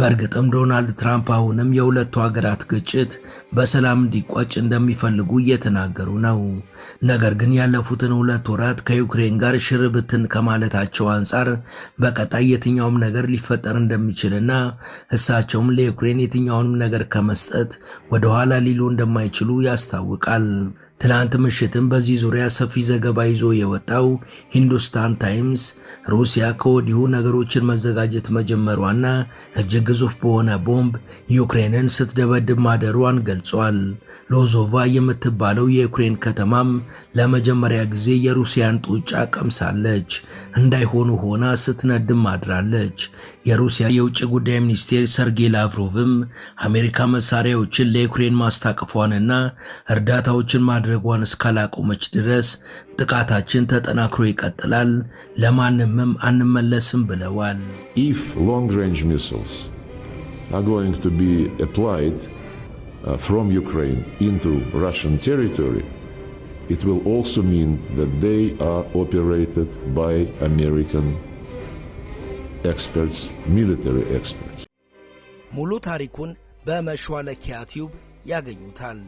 በእርግጥም ዶናልድ ትራምፕ አሁንም የሁለቱ ሀገራት ግጭት በሰላም እንዲቋጭ እንደሚፈልጉ እየተናገሩ ነው። ነገር ግን ያለፉትን ሁለት ወራት ከዩክሬን ጋር ሽርብትን ከማለታቸው አንጻር በቀጣይ የትኛውም ነገር ሊፈጠር እንደሚችልና እሳቸውም ለዩክሬን የትኛውንም ነገር ከመስጠት ወደኋላ ሊሉ እንደማይችሉ ያስታውቃል። ትላንት ምሽትም በዚህ ዙሪያ ሰፊ ዘገባ ይዞ የወጣው ሂንዱስታን ታይምስ ሩሲያ ከወዲሁ ነገሮችን መዘጋጀት መጀመሯና እጅግ ግዙፍ በሆነ ቦምብ ዩክሬንን ስትደበድብ ማደሯን ገልጿል። ሎዞቫ የምትባለው የዩክሬን ከተማም ለመጀመሪያ ጊዜ የሩሲያን ጡጫ ቀምሳለች፣ እንዳይሆኑ ሆና ስትነድም አድራለች። የሩሲያ የውጭ ጉዳይ ሚኒስቴር ሰርጌይ ላቭሮቭም አሜሪካ መሳሪያዎችን ለዩክሬን ማስታቀፏንና እርዳታዎችን ማድረ ማድረጓን እስካላቆመች ድረስ ጥቃታችን ተጠናክሮ ይቀጥላል፣ ለማንምም አንመለስም ብለዋል። ኢፍ ሎንግ ሬንጅ ሚሳይልስ አር ጎይንግ ቱ ቢ አፕላይድ ፍሮም ዩክሬን ኢንቱ ራሽን ቴሪቶሪ it will also mean that they are operated by American experts, military experts. ሙሉ ታሪኩን በመሿለኪያ ቲዩብ ያገኙታል።